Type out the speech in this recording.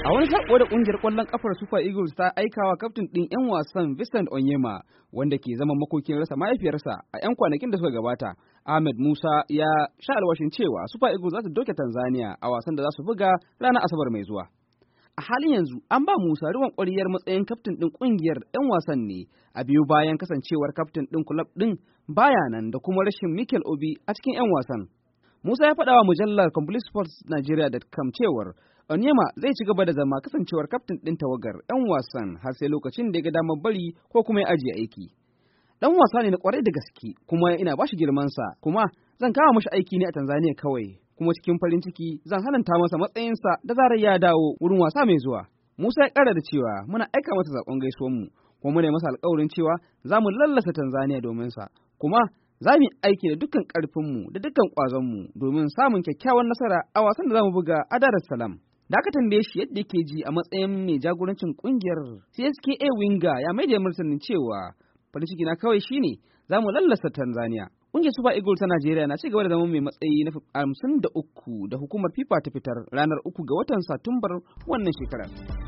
A wani sako da kungiyar kwallon kafar Super Eagles ta aikawa kaftin ɗin 'yan wasan Vincent Onyema wanda ke zama makokin rasa mahaifiyarsa a 'yan kwanakin da suka gabata. Ahmed Musa ya sha alwashin cewa Super Eagles za su doke Tanzania a wasan da za su buga ranar Asabar mai zuwa. A halin yanzu an ba Musa ruwan kwariyar matsayin kaftin ɗin kungiyar 'yan wasan ne a biyu bayan kasancewar kaftin ɗin kulab ɗin bayanan da kuma rashin Mikel Obi a cikin 'yan wasan. Musa ya faɗawa mujallar Complete Sports Nigeria.com cewar Onyema zai ci gaba da zama kasancewar kaftin ɗin tawagar 'yan wasan har sai lokacin da ya ga damar bari ko kuma ya ajiye aiki. Ɗan wasa ne na kwarai da gaske kuma ina ba bashi sa kuma zan kawo mashi aiki ne a Tanzania kawai kuma cikin farin ciki zan hananta masa matsayinsa da zarar ya dawo wurin wasa mai zuwa. Musa ya ƙara da cewa muna aika mata zaƙon gaisuwanmu kuma muna masa alƙawarin cewa za mu lallasa Tanzania domin sa kuma za mu yi aiki da dukkan ƙarfinmu da dukkan ƙwazonmu domin samun kyakkyawan nasara a wasan da za mu buga a Dar es Salaam. Da aka tambaye shi yadda yake ji a matsayin mai jagorancin ƙungiyar CSKA Winga ya maida martanin cewa farin ciki na kawai shine za mu lallasa Tanzania. Ƙungiyar Super Eagles ta Najeriya na cigaba da zama mai matsayi na hamsin da uku da hukumar FIFA ta fitar ranar uku ga watan Satumbar wannan shekarar.